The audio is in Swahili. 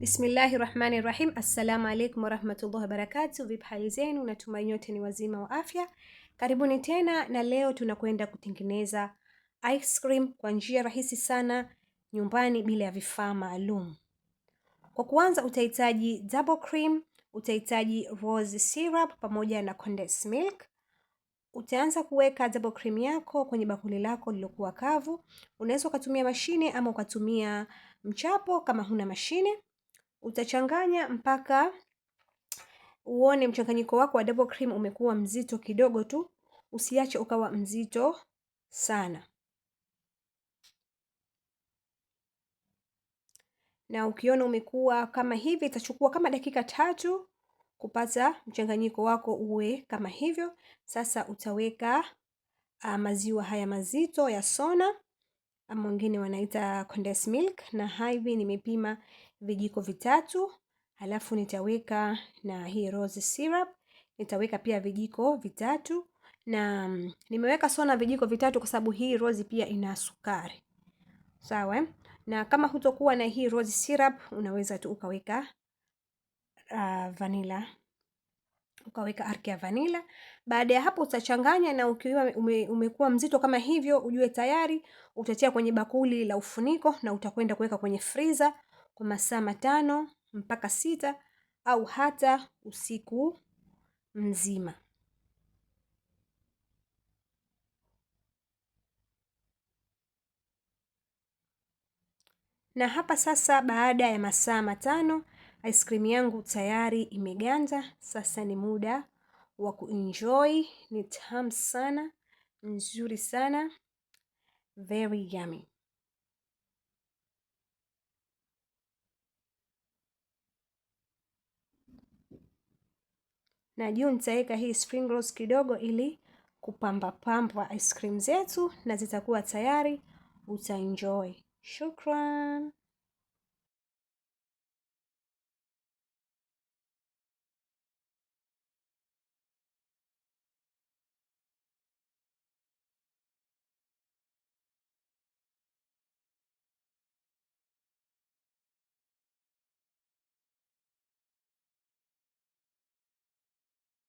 Bismillahi rahmani rahim. Assalamu alaikum warahmatullahi wabarakatu. Vipi hali zenu? Natumai nyote ni wazima wa afya. Karibuni tena, na leo tunakwenda kutengeneza ice cream kwa njia rahisi sana nyumbani bila ya vifaa maalum. Kwa kuanza, utahitaji double cream, utahitaji rose syrup pamoja na condensed milk. Utaanza kuweka double cream yako kwenye bakuli lako lilokuwa kavu. Unaweza ukatumia mashine ama ukatumia mchapo kama huna mashine. Utachanganya mpaka uone mchanganyiko wako wa double cream umekuwa mzito kidogo tu, usiache ukawa mzito sana. Na ukiona umekuwa kama hivi, itachukua kama dakika tatu kupata mchanganyiko wako uwe kama hivyo. Sasa utaweka uh, maziwa haya mazito ya sona ama wengine wanaita condensed milk, na hivi nimepima vijiko vitatu, alafu nitaweka na hii rose syrup nitaweka pia vijiko vitatu, na mm, nimeweka sona vijiko vitatu kwa sababu hii rose pia ina sukari sawa. Na kama hutokuwa na hii rose syrup, unaweza tu ukaweka uh, vanilla ukaweka arki ya vanila. Baada ya hapo utachanganya, na ukiwa ume, umekuwa mzito kama hivyo, ujue tayari. Utatia kwenye bakuli la ufuniko na utakwenda kuweka kwenye friza kwa masaa matano mpaka sita au hata usiku mzima. Na hapa sasa, baada ya masaa matano Ice cream yangu tayari imeganda, sasa ni muda wa kuenjoy. Ni tamu sana, nzuri sana, very yummy. Na juu nitaweka hii spring rolls kidogo ili pamba ice cream zetu na zitakuwa tayari, utaenjoy. Shukran.